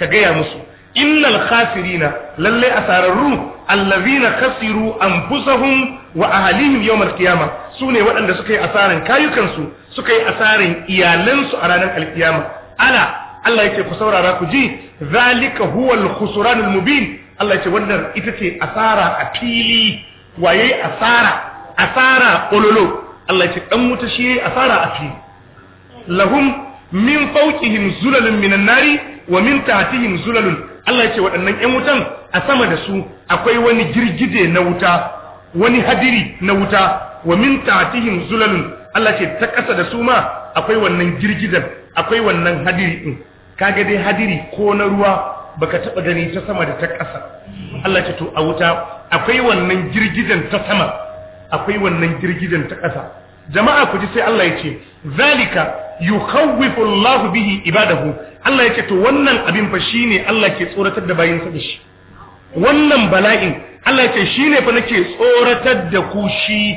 S2: ka gaya musu innal khasirina lalle asararru allazina kasiru anfusahum wa ahlihim yawm alqiyama sune waɗanda suka yi asaran kayukansu suka yi asaran iyalansu a ranar alqiyama ala Allah yake ku saurara ku ji zalika huwa alkhusran almubin Allah yake wannan ita ce asara a fili waye asara asara ololo Allah yake dan wuta shi asara a fili lahum min fawqihim zulalun minan nari wa min tahtihim zulalun Allah ce waɗannan ƴan wutan a sama da su akwai wani girgije na wuta wani hadiri na wuta wa min ta'tihim zulalun Allah ce ta ƙasa da su ma akwai wannan girgidan, akwai wannan hadiri din kaga dai hadiri ko na ruwa baka taba gani ta sama da ta ƙasa Allah ce to a wuta akwai wannan girgidan ta sama akwai wannan girgidan ta ƙasa jama'a ku ji sai Allah ya ce zalika yukhawwifu Allahu bihi ibadahu Allah ya ce to wannan abin fa shine Allah ke tsoratar da bayinsa da shi wannan bala'in Allah ya ce shine fa nake tsoratar da ku shi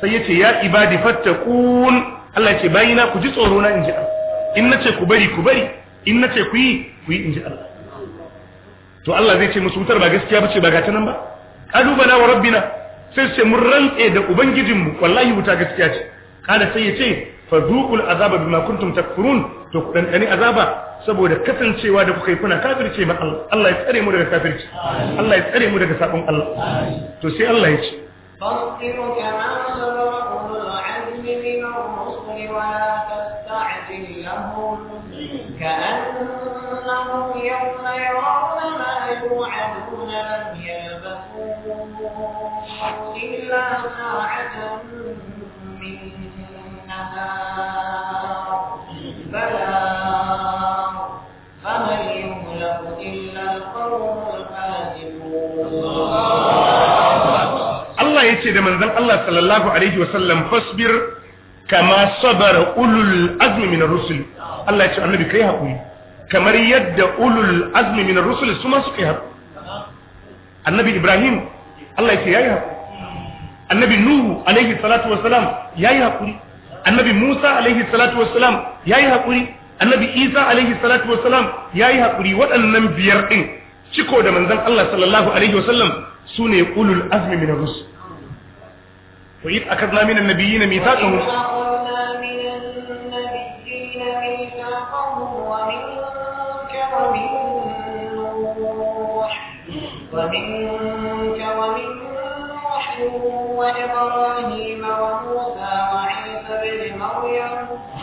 S2: sai ya ce ya ibadi fattakun Allah ya ce bayina ku ji tsoro na inji Allah in nace ku bari ku bari in nace ku yi ku yi inji Allah to Allah zai ce musu wutar ba gaskiya bace ba gata nan ba kadubana wa rabbina sai su mun rantse da ubangijinmu wallahi wuta gaskiya ce kada sai ya ce azaba bima kuntum takfurun to ku dandani azaba saboda kasancewa da kuka yi kuna kafirce ma Allah Allah ya tsare mu daga kafirci Allah ya tsare mu daga sabon Allah to sai Allah ya ce
S1: الرسل من الرسل ولا تستعجل لهم كأنهم يوم يرون ما يوعدون لم يلبثوا إلا ساعة من نهار بلى فمن يهلك إلا القوم الفاسقون
S2: Allah ya ce da manzan Allah sallallahu alaihi wasallam fasbir kama sabara ulul azmi min rusul Allah ya ce annabi kai haƙuri, kamar yadda ulul azmi min rusul su ma su kai haƙuri. annabi Ibrahim Allah ya ce yayi haƙuri. annabi Nuhu alaihi salatu wassalam yayi haƙuri. annabi Musa alaihi salatu wassalam yayi haƙuri. annabi Isa alaihi salatu wassalam yayi haƙuri. waɗannan biyar din ciko da manzon Allah sallallahu alaihi wasallam sune ulul azmi min rusul وإذ أخذنا من النبيين ميثاقهم
S1: ومنك ومن نوح وإبراهيم وموسى وعيسى بن مريم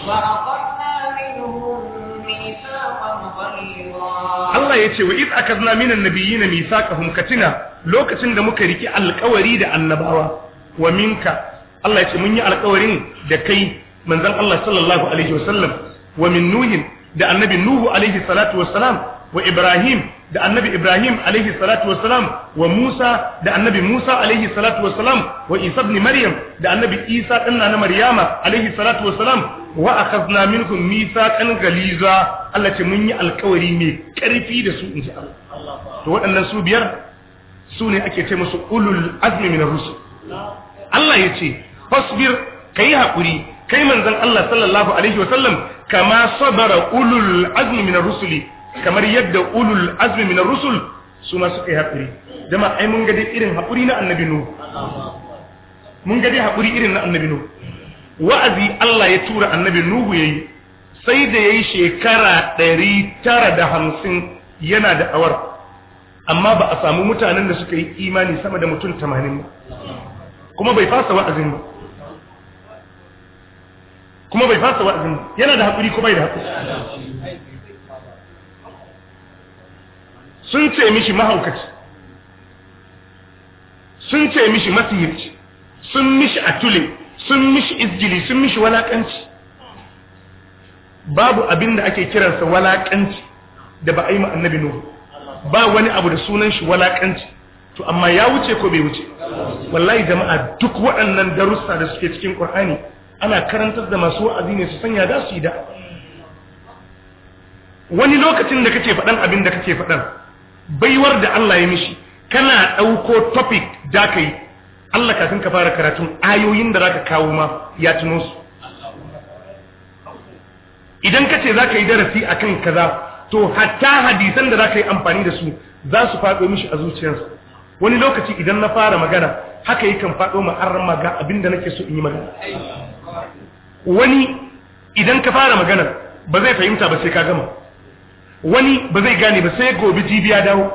S1: وأخذنا منهم ميثاقا غليظا الله
S2: يتي وإذ أخذنا من النبيين ميثاقهم كتنا لوكتن da muka riki alƙawari da annabawa wa minka Allah ya ce mun yi alƙawarin da kai manzon Allah sallallahu alaihi wasallam wa min nuhin da annabi nuhu alaihi salatu wassalam wa ibrahim da annabi ibrahim alaihi salatu wassalam wa musa da annabi musa alaihi salatu wassalam wa isa ibn maryam da annabi isa dinna na maryama alaihi salatu wassalam wa akhadna minkum mithaqan galiza Allah ce mun yi alƙawari mai ƙarfi da su inji Allah to waɗannan su biyar su ne ake ce musu ulul azmi min rusul Allah ya ce fasbir kai hakuri kai manzon Allah sallallahu alaihi wasallam kama sabara ulul azmi minar rusuli kamar yadda ulul azmi minar rusul su ma suka yi hakuri dama ai mun ga dai irin hakuri na annabi nu mun ga dai hakuri irin na annabi nu wa'azi Allah ya tura annabi nuhu yayi sai da yayi shekara 950 yana da awar amma ba a samu mutanen da suka yi imani sama da mutum 80 ba kuma bai fasa wa'azin ba kuma bai fasa wa'azin ba yana da haƙuri ko bai da haƙuri sun ce mishi mahaukaci sun ce mishi masihirci sun mishi atule sun mishi izgili sun mishi walakanci babu abin da ake kiransa walakanci da ba a yi ma'annabi nuhu ba wani abu da sunan shi walakanci to amma ya wuce ko bai wuce wallahi jama'a duk waɗannan darussa da suke cikin Qur'ani ana karantar da masu wa'azi ne su sanya da su yi da wani lokacin da kake faɗan abin da kake faɗan baiwar da Allah ya mishi kana ɗauko topic da ka yi Allah kafin ka fara karatun ayoyin da zaka kawo ma ya tuno su idan ka ce za ka yi darasi akan kaza to hatta hadisan da za ka yi amfani da su za su faɗo mishi a zuciyarsa wani lokaci idan na fara magana haka yi kan faɗo ma an maga abinda nake so in yi magana wani idan ka fara magana ba zai fahimta ba sai ka gama wani ba zai gane ba sai gobe jibi ya dawo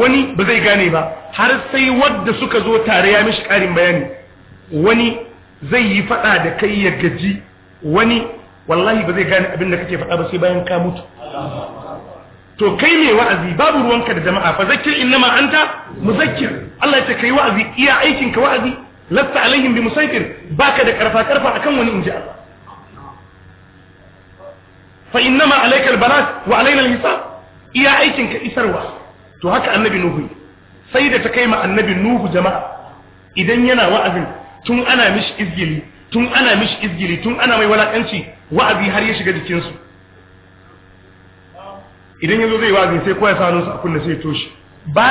S2: wani ba zai gane ba har sai wadda suka zo tare ya mishi ƙarin bayani wani zai yi faɗa da kai ya gaji wani wallahi ba zai gane abin da kake faɗa ba sai bayan ka mutu to kai ne wa'azi babu ruwanka da jama'a fa zakkir innama anta muzakkir Allah ya ce kai wa'azi iya aikin ka wa'azi lasta alaihim bi musaitir baka da karfa karfa akan wani inji Allah fa innama alaikal balag wa alaina alhisab iya aikin ka isarwa to haka annabi nuhu sai da ta kai ma annabi nuhu jama'a idan yana wa'azin tun ana mishi izgili tun ana mishi izgili tun ana mai walakanci wa'azi har ya shiga jikinsu idan yanzu zai wazi sai koya ya sa kunna sai toshi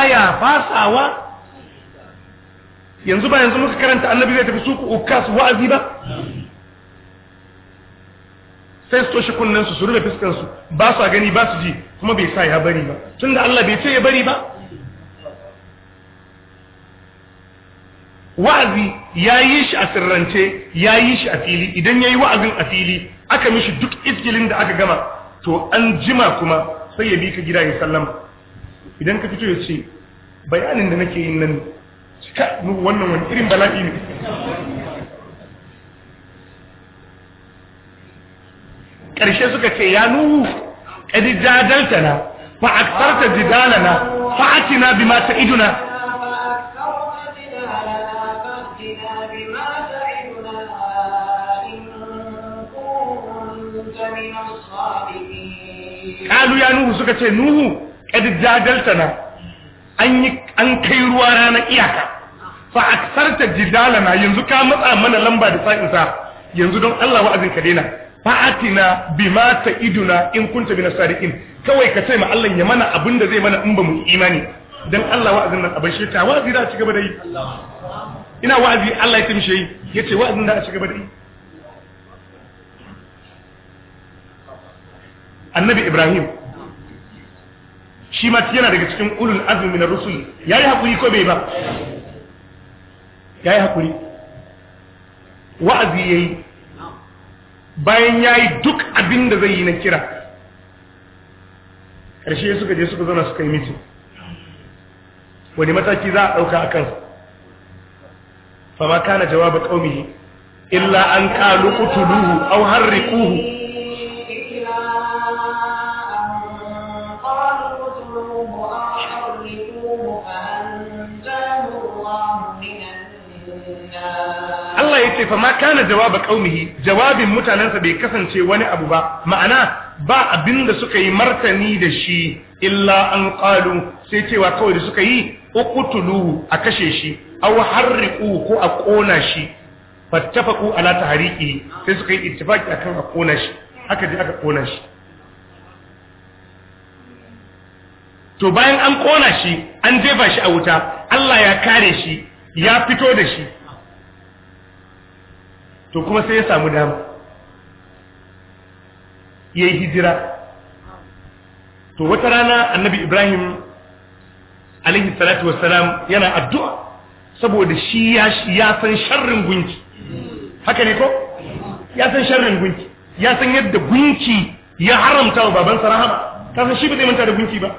S2: ya fasawa yanzu ba yanzu muka karanta annabi zai tafi suku ukas wa'azi ba sai su toshe kunnen su su rufe fuskan su ba su gani ba su ji kuma bai sa ya bari ba Tun da Allah bai ce ya bari ba wa'azi ya yi shi a sirrance ya yi shi a fili idan ya yi wa'azin a fili aka mishi duk iskilin da aka gama to an jima kuma sai ya bi ka gida ya sallama idan ka fito ya ce bayanin da nake yin nan cika wannan wani irin bala'i ne ƙarshe suka ce ya nuhu ƙadi jadaltana fa aktarta jidalana fa atina bima iduna. kalu ya nuhu suka ce nuhu kad jadaltana an yi an kai ruwa rana iyaka fa aksarta jidalana yanzu ka matsa mana lamba da sa'in sa yanzu don Allah wa'azin ka daina fa atina bima ta'iduna in kunta bina sadiqin kawai ka ce ma Allah ya mana abinda zai mana in ba mu imani dan Allah wa'azin nan abin shirka wa'azi da a ci gaba da yi ina wa'azi Allah ya tumshe yace wa'azin da a ci gaba da yi annabi ibrahim shi ma yana daga cikin ulul azumi na rusul yi hakuri ko bai ba yayi hakuri wa'azi yi bayan yayi duk abin da zai yi na kira ƙarshe suka je suka zama suka yi mitin wani mataki za a ɗauka akan fa ma kana jawab qaumihi illa an qalu au aw harriquhu yace fa ma kana jawaba qaumihi jawabin mutanansa bai kasance wani abu ba ma'ana ba abin da suka yi martani da shi illa an qalu sai cewa kawai da suka yi uqtuluhu a kashe shi aw harriqu ko a kona shi fattafaqu ala tahriqi sai suka yi ittifaqi akan a kona shi haka je aka kona shi to bayan an kona shi an jefa shi a wuta Allah ya kare shi ya fito da shi to kuma sai ya samu dama ya yi hijira to wata rana annabi ibrahim alaihi salatu wassalam yana addu'a saboda shi ya san sharrin gunki haka ne ko ya san sharrin gunki ya san yadda gunki ya haramta wa babansa rahama ta san shi ba zai manta da gunki ba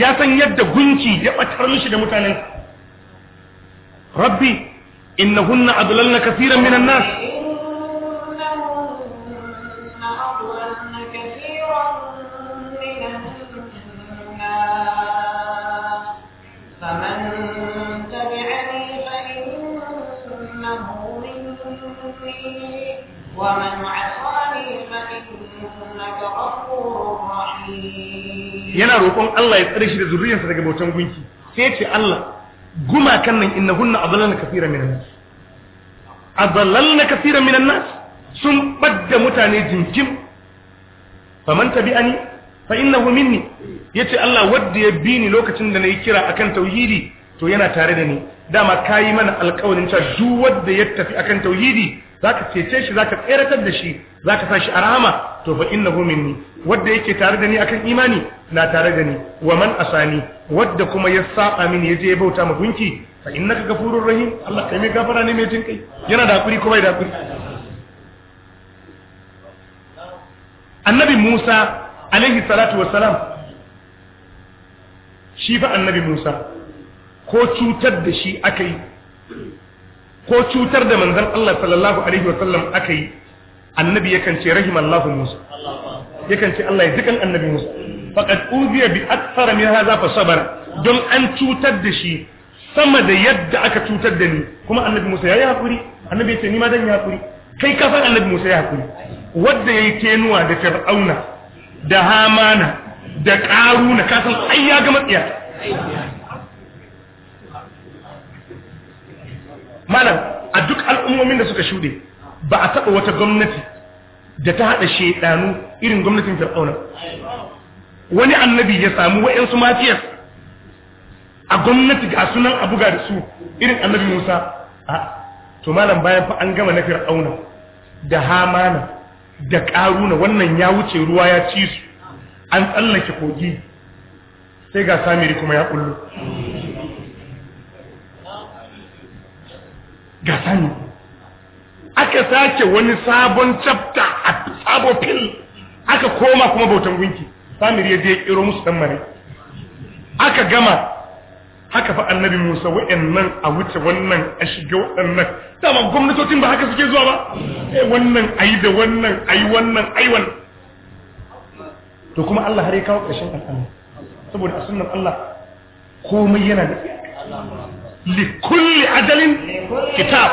S2: ya san yadda gunki ya batar mishi da mutanen rabbi innahunna adlalna kaseeran minan nas
S1: yana roƙon Allah ya tsare
S2: shi da zuriyarsa daga bautan gunki sai ce Allah gumakan nan innahunna adallalna kaseeran minan nas adallalna kaseeran minan nas sun badda mutane jinkim faman ani, fa innahu minni yace Allah wanda ya bi ni lokacin da nayi kira akan tauhidi to yana tare da ni dama kayi mana alƙawarin cewa duk wanda ya tafi akan tauhidi zaka cece shi zaka tseratar da shi zaka sa shi a rahama to fa innahu minni wanda yake tare da ni akan imani na tare da ni wa man asani wanda kuma ya saba mini yaje ya bauta ma gunki fa innaka gafurur rahim Allah kai mai gafara ne mai jin kai yana da hakuri ko bai da hakuri annabi Musa alaihi salatu wassalam shi fa annabi Musa ko cutar da shi aka yi ko cutar da manzan Allah sallallahu alaihi sallam aka yi annabi yakan ce rahimallahu Musa yakan ce Allah ya dukan annabi Musa faqad uziya bi akthara min hadha fa sabara don an cutar da shi sama da yadda aka cutar da ni kuma annabi Musa yayi hakuri annabi ya ce ni ma dan yi hakuri kai ka san annabi Musa ya hakuri wanda yayi kenuwa da Fir'auna da Hamana da ƙaruna ka san ai ya ga matsiya malam a duk al'ummomin da suka shuɗe ba a taɓa wata gwamnati da ta haɗa shaidanu irin gwamnatin fir'auna wani annabi ya samu wa'yansu mafiyar a gwamnati ga sunan a buga da su irin annabi musa a to malam bayan fa an gama na fir'auna da hamana da ƙaruna wannan ya wuce ruwa ya ci su an tsallake kogi sai ga samiri kuma ya kullu ga sani aka sake wani sabon chapter a sabon fil aka koma kuma bautan gunki samir ya je kiro musu dan mare aka gama haka fa annabi Musa wayannan a wuce wannan a shige wannan dama gwamnatocin ba haka suke zuwa ba eh wannan ayi da wannan ayi wannan ayi wannan to kuma Allah har ya kawo ƙarshen al'amari saboda a sunnan Allah komai yana da iyaka likulli adalin kitab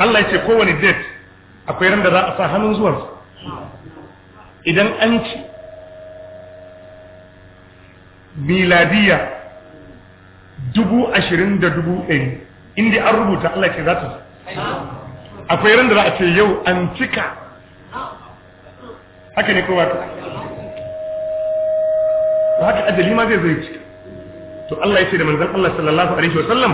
S1: Allah ya ce kowane
S2: date akwai ran da za sa hannun zuwansa idan an ci miladiya dubu ashirin da dubu ɗari inda an rubuta Allah ce za ta akwai ran da za ce yau an cika haka ne haka ma zai zai to Allah ya ce da manzon Allah sallallahu alaihi wasallam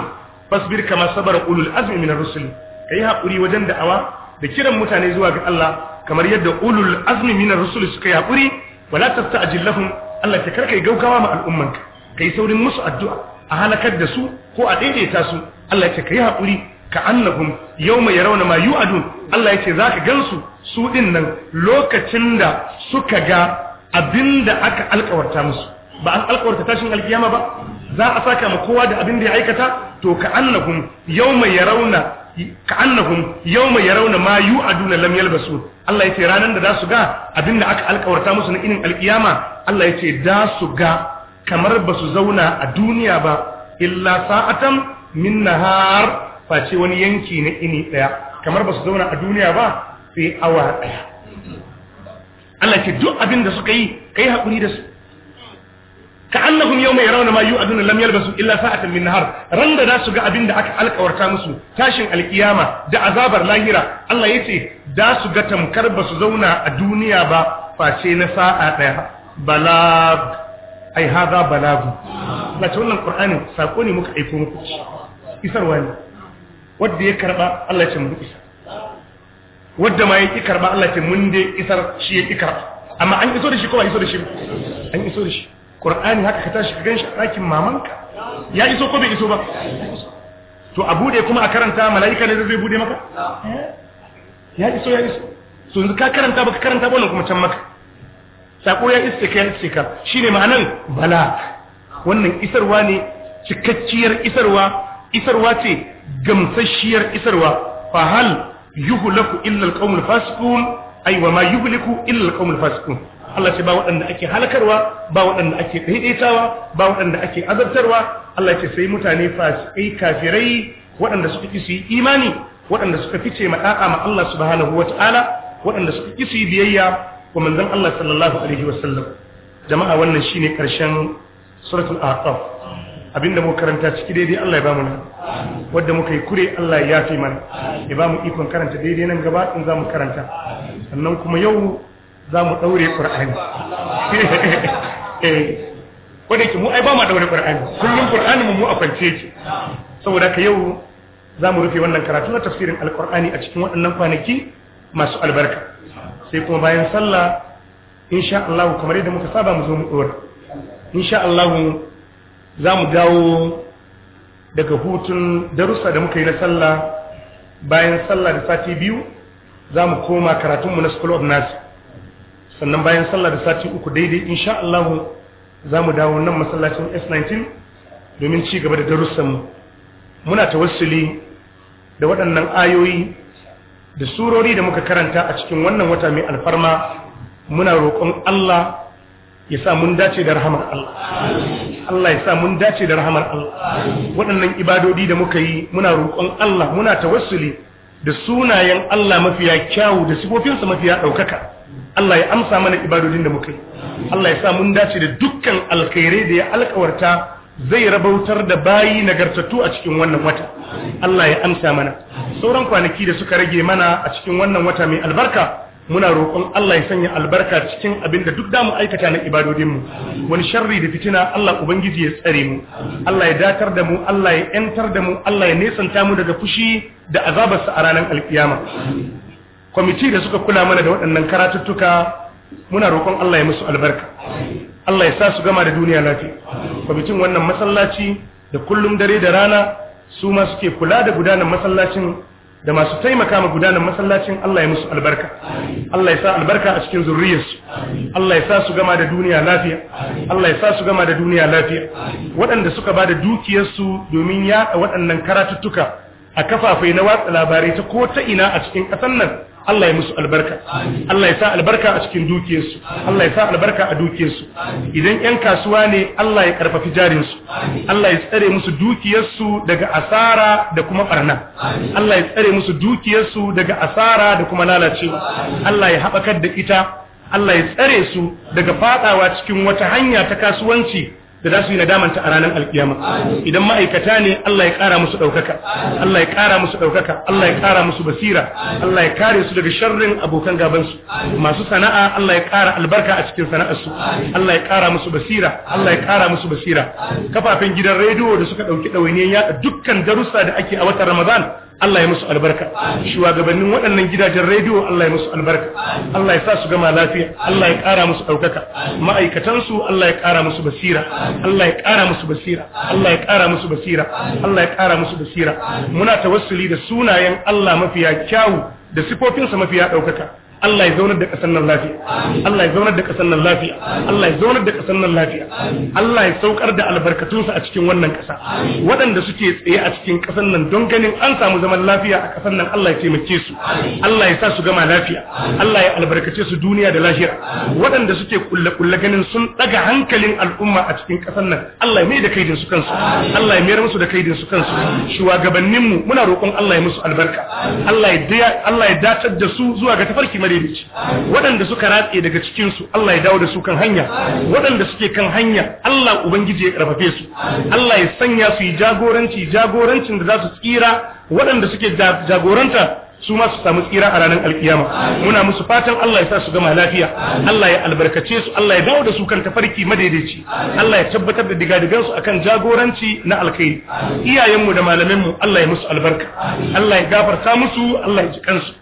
S2: fasbir kama sabara ulul azmi minar rusul kai hakuri wajen da'awa da kiran mutane zuwa ga Allah kamar yadda ulul azmi minar rusul suka hakuri wala tasta'jil lahum Allah ta karkai gaugawa ma al'ummanka kai saurin musu addu'a a halakar da su ko a daidaita su Allah ya kai hakuri ka annahum yawma yarawna ma yu'adun Allah ya ce zaka gansu su din nan lokacin da suka ga abinda aka alkawarta musu ba an alkawarta tashin alkiyama ba za a saka ma kowa da abin da ya aikata to ka annahum yawma yarawna ka annahum yawma yarawna ma yu'aduna lam yalbasu Allah yace ranan da za ga abin da aka alƙawarta musu na inin alƙiyama Allah yace da su ga kamar ba su zauna a duniya ba illa sa'atan min nahar face wani yanki na ini daya kamar ba su zauna a duniya ba sai awa daya Allah ce duk abin da suka yi kai hakuri da su ka annahum yawma yarawna ma yu'aduna lam yalbasu illa sa'atan min nahar ran da su ga abin da aka alkawarta musu tashin alkiyama da azabar lahira Allah yace da su ga tamkar basu zauna a duniya ba face na sa'a daya balag ai hada balagu wannan qur'anin sako ne muka aiko muku isarwa ne wanda ya karba Allah ya ce mun isa wanda ma yake karba Allah ya ce mun dai isar shi yake karba amma an iso da shi an iso da shi qur'ani haka ka tashi ka shi a ɗakin mamanka ya iso ko bai iso ba to a bude kuma a karanta mala'ika ne zai bude maka eh. ya iso ya iso so yanzu ka karanta baka karanta ba kuma can maka sako ya iske ka ya iske ka ne ma'anan bala wannan isarwa ne cikakkiyar isarwa isarwa ce gamsasshiyar isarwa fa hal yuhlaku illa alqawmul fasiqun Aywa wa ma yuhliku illa alqawmul fasiqun Allah ce ba waɗanda ake halakarwa ba waɗanda ake daidaitawa ba waɗanda ake azabtarwa Allah ce sai mutane fasikai kafirai waɗanda suka ƙi su yi imani waɗanda suka fice ma ma Allah subhanahu wata'ala waɗanda suka ƙi su yi biyayya wa manzon Allah sallallahu alaihi sallam. jama'a wannan shine karshen suratul aqaf abinda mu karanta ciki daidai Allah ya bamu nan wanda muka yi kure Allah ya mana ya bamu ikon karanta daidai nan gaba in zamu karanta sannan kuma yau za mu ɗaure ƙur'ani wadda eh, ke mu ai ba ma ɗaure ƙur'ani kullum ƙur'ani mu a kwance ce saboda ka yau za mu rufe wannan karatu na tafsirin alƙur'ani a cikin waɗannan kwanaki masu albarka sai kuma bayan sallah insha Allah kamar yadda muka saba mu zo mu ɗora insha Allah za mu dawo daga hutun darussa da muka yi na sallah bayan sallah da sati biyu za mu koma karatunmu na school of nursing sannan bayan sallah da sati uku daidai insha Allah za mu dawo nan masallacin S19 domin ci gaba da darussanmu muna tawassuli da waɗannan ayoyi da surori da muka karanta a cikin wannan wata mai alfarma muna roƙon Allah ya sa mun dace da rahamar Allah Allah ya sa mun dace da rahamar Allah waɗannan ibadodi da muka yi muna roƙon Allah muna tawassuli da sunayen Allah mafiya kyawu da sifofinsa mafiya ɗaukaka Allah ya amsa mana ibadodin da muka yi Allah ya sa mun dace da dukkan alkhairai da ya alkawarta zai rabautar da bayi nagartattu a cikin wannan wata Allah ya amsa mana sauran kwanaki da suka rage mana a cikin wannan wata mai albarka muna roƙon Allah ya sanya albarka cikin abin da duk damu aikata na ibadodinmu wani sharri da fitina Allah ubangiji ya tsare mu Allah ya datar da mu Allah ya yantar da mu Allah ya nesanta mu daga fushi da azabarsa a ranar alkiyama kwamiti da suka kula mana da waɗannan karatuttuka muna roƙon Allah ya musu albarka Allah ya sa su gama da duniya lafiya kwamitin wannan masallaci da kullum dare da rana su ma suke kula da gudanar masallacin da masu taimaka ma gudanar masallacin Allah ya musu albarka Allah ya sa albarka a cikin zuriyarsu Allah ya sa su gama da duniya lafiya Allah ya sa su gama da duniya lafiya waɗanda suka ba da dukiyarsu domin yaɗa waɗannan karatuttuka a kafafai na watsa labarai ta ko ta ina a cikin ƙasar nan Allah ya musu albarka Allah ya sa albarka a cikin dukiyarsu Allah ya sa albarka a dukiyarsu idan ƴan kasuwa ne Allah ya karfafi jarinsu Allah ya tsare musu dukiyarsu daga asara da kuma barna Allah ya tsare musu dukiyarsu daga asara da kuma lalacewa Allah ya haɓakar da ita Allah ya tsare su daga fadawa cikin wata hanya ta kasuwanci da za su yi nadamanta a ranar alkiyama idan ma'aikata ne Allah ya kara musu daukaka Allah ya kara musu daukaka Allah ya kara musu basira Allah ya kare su daga sharrin abokan gaban su masu sana'a Allah ya kara albarka a cikin sana'ar su Allah ya kara musu basira Allah ya kara musu basira kafafen gidan rediyo da suka dauki dawainiyan yada dukkan darussa da ake a watan Ramadan Allah ya musu albarka shugabannin waɗannan gidajen rediyo Allah ya musu albarka Allah ya sa su gama lafiya Allah ya ƙara musu ɗaukaka ma'aikatansu Allah ya kara musu basira Allah ya ƙara musu basira Allah ya ƙara musu basira Allah ya ƙara musu basira muna tawassuli da sunayen Allah mafiya kyawu da sifofinsa mafiya ɗaukaka Allah ya zaunar da ƙasar nan lafiya Allah ya zaunar da ƙasar nan lafiya Allah ya zaunar da ƙasar nan lafiya Allah ya saukar da albarkatunsa a cikin wannan ƙasa waɗanda suke tsaye a cikin ƙasar nan don ganin an samu zaman lafiya a ƙasar nan Allah ya taimake su Allah ya sa su gama lafiya Allah ya albarkace su duniya da lahira waɗanda suke kulle-kulle ganin sun ɗaga hankalin al'umma a cikin ƙasar nan Allah ya mai da kaidin su kansu Allah ya mayar musu da kaidin su kansu shugabanninmu muna roƙon Allah ya musu albarka Allah ya Allah ya da su zuwa ga tafarki mare waɗanda suka ratse daga cikin su Allah ya dawo da su kan hanya waɗanda suke kan hanya Allah ubangiji ya karfafe su Allah ya sanya su jagoranci jagorancin da za su tsira waɗanda suke jagoranta su ma su samu tsira a ranar alkiyama muna musu fatan Allah ya sa su gama lafiya Allah ya albarkace su Allah ya dawo da su kan tafarki madaidaici Allah ya tabbatar da digadigan su akan jagoranci na alkhairi iyayen mu da malamin mu Allah ya musu albarka Allah ya gafarta musu Allah ya ji kansu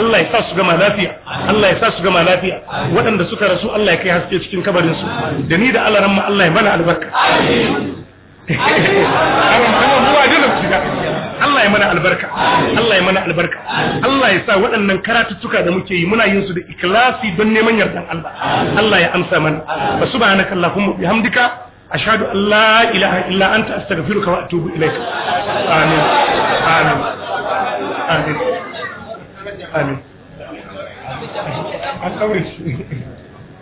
S2: Allah ya sa su gama lafiya Allah ya sa su gama lafiya waɗanda suka rasu Allah ya kai haske cikin kabarin su da ni da Allah ran Allah ya mana albarka amin amin Allah ya mana albarka Allah ya mana albarka Allah ya sa waɗannan karatuttuka da muke yi muna yin su da ikhlasi don neman yardan Allah Allah ya amsa mana fa subhanaka allahumma bihamdika ashhadu an la ilaha illa anta astaghfiruka wa atubu ilaik amin amin amin amin an kaure